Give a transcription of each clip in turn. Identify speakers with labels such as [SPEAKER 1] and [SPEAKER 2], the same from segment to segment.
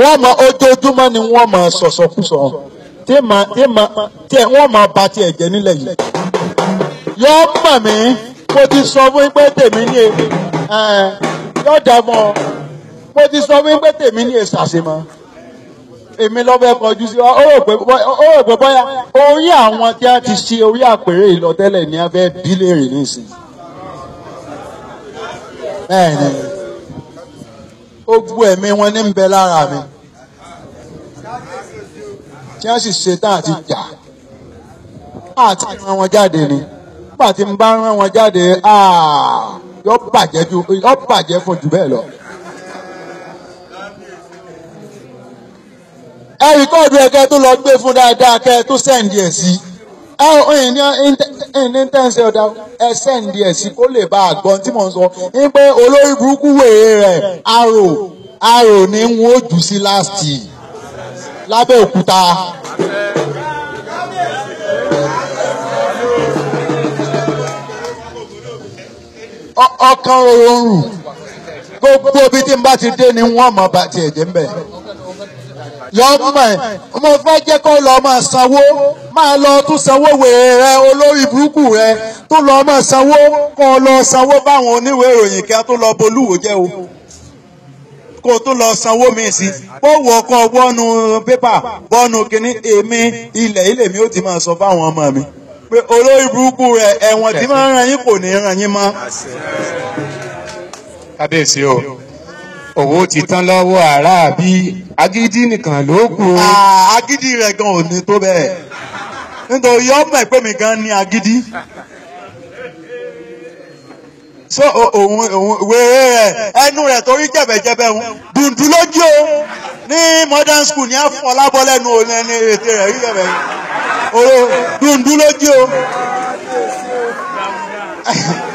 [SPEAKER 1] wọ́n mọ ojoojúmọ́ ni wọ́n mọ sọ̀sọ̀kúsọ tí ma tí ma tí wọ́n mọ ba tiẹ̀ jẹ́ nílẹ̀ yìí. yọ mọ̀ mí mo ti sọ fún yín pé tèmi ní e, ẹ yọ dà mọ́ mo ti sọ fún yín pé tèmi ní èsì e àṣemọ́ èmi lọ fẹ́ kọjú sí ọ ó rò pé bóyá orí àwọn tí a ti ṣe orí àpèrè ìlọtẹ́lẹ̀ ni a fẹ́ bí léèrè nísìnyí. bẹ́ẹ̀ ni gbogbo ẹ̀mí wọn ní ń bẹ lára mi tí wọ́n sì ṣetán àti jà àti rán wọn jáde ni nígbà tí n bá rán wọn jáde ah, yọ bàjẹ́ fún jù bẹ́ẹ̀ lọ. ẹ rìkọ́ọ̀dù ẹ̀kẹ́ tó lọ gbé fún dáadáa kẹ́ ẹ tó sẹ́ǹdì ẹ̀ sí i ní tẹ́ǹsì ọ̀dà ẹsẹ̀ ń di ẹ̀sìn kó lè bá àgbọn tí mò ń sọ ní pé olórí burúkú wèrè rẹ̀ arò arò ní wọ́n jù sí láàsì lábẹ́òkúta. ọkàn òórùn gbogbo ibi tí n bá ti dé ni wọ́n mọ̀ bá tiẹ̀ jẹ́ ń bẹ̀ yọ ọmọ ẹ mo fẹ́ jẹ́ kó lọ máa sanwó máa lọ tún sanwó wèrè rẹ olórí burúkú rẹ tó lọ máa sanwó kó lọ sanwó báwọn oníwèé ìròyìn kí a tó lọ bolúwo jẹ́ o kó o tó lọ sanwó mi sí kó wọ ọkọ wọnú pépà wọnú kínní èmi ilẹ̀ ilẹ̀ mi ó ti máa sọ fáwọn ọmọ mi pé olórí burúkú rẹ ẹ̀wọ̀n tí máa ń ran yín kò ní ran yín mọ́. kábíyèsí o owó ti tán lọ́wọ́ aráàbí agídí nìkan ló kù. agídí rẹ̀ gan ò ní tó bẹ́ẹ̀ nítorí ọmọ ẹ̀pẹ́ mi gan ní agídí so òun òun wèrè rẹ̀ ẹnu rẹ̀ torí jẹ̀bẹ̀jẹ̀bẹ̀ òun dùndùn lójú o ní modern school ní àfọlábọ́lẹ́nu òun ẹni ètè rẹ̀ rí jẹ̀bẹ̀ òun dùndùn lójú o.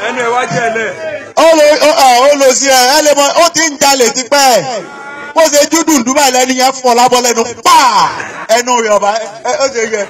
[SPEAKER 1] ẹnu ẹ̀ wá jẹ́ ẹ lẹ́ẹ̀ ó lọ sí ẹ ẹ lè mọ ó ti ń jalè tipẹ́ bó ṣe júdù dúbà lẹ́nu yẹn fọ̀ lábọ́ lẹ́nu pa ẹnu rẹ̀ ọba ó ṣe yẹ.